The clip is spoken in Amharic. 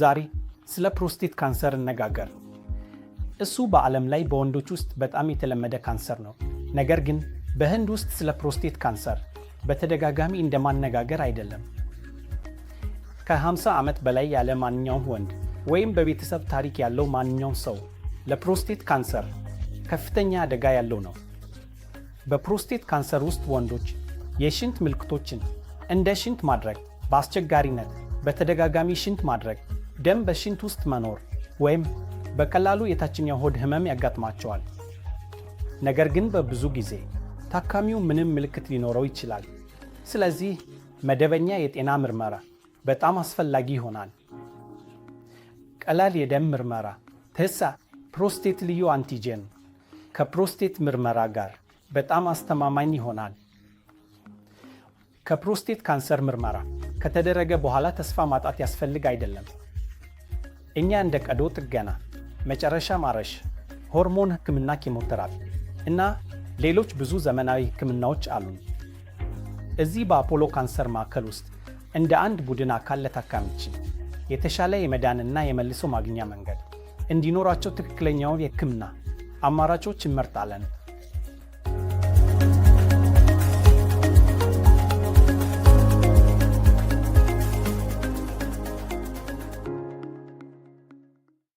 ዛሬ ስለ ፕሮስቴት ካንሰር እነጋገር። እሱ በዓለም ላይ በወንዶች ውስጥ በጣም የተለመደ ካንሰር ነው። ነገር ግን በህንድ ውስጥ ስለ ፕሮስቴት ካንሰር በተደጋጋሚ እንደማነጋገር አይደለም። ከ50 ዓመት በላይ ያለ ማንኛውም ወንድ ወይም በቤተሰብ ታሪክ ያለው ማንኛውም ሰው ለፕሮስቴት ካንሰር ከፍተኛ አደጋ ያለው ነው። በፕሮስቴት ካንሰር ውስጥ ወንዶች የሽንት ምልክቶችን እንደ ሽንት ማድረግ፣ በአስቸጋሪነት በተደጋጋሚ ሽንት ማድረግ ደም በሽንት ውስጥ መኖር ወይም በቀላሉ የታችኛው ሆድ ህመም ያጋጥማቸዋል። ነገር ግን በብዙ ጊዜ ታካሚው ምንም ምልክት ሊኖረው ይችላል። ስለዚህ መደበኛ የጤና ምርመራ በጣም አስፈላጊ ይሆናል። ቀላል የደም ምርመራ ትህሳ ፕሮስቴት ልዩ አንቲጀን ከፕሮስቴት ምርመራ ጋር በጣም አስተማማኝ ይሆናል። ከፕሮስቴት ካንሰር ምርመራ ከተደረገ በኋላ ተስፋ ማጣት ያስፈልግ አይደለም። እኛ እንደ ቀዶ ጥገና፣ መጨረሻ ማረሽ፣ ሆርሞን ህክምና፣ ኬሞቴራፒ እና ሌሎች ብዙ ዘመናዊ ህክምናዎች አሉን። እዚህ በአፖሎ ካንሰር ማዕከል ውስጥ እንደ አንድ ቡድን አካል ለታካሚች የተሻለ የመዳንና የመልሶ ማግኛ መንገድ እንዲኖራቸው ትክክለኛውን የህክምና አማራጮች እንመርጣለን።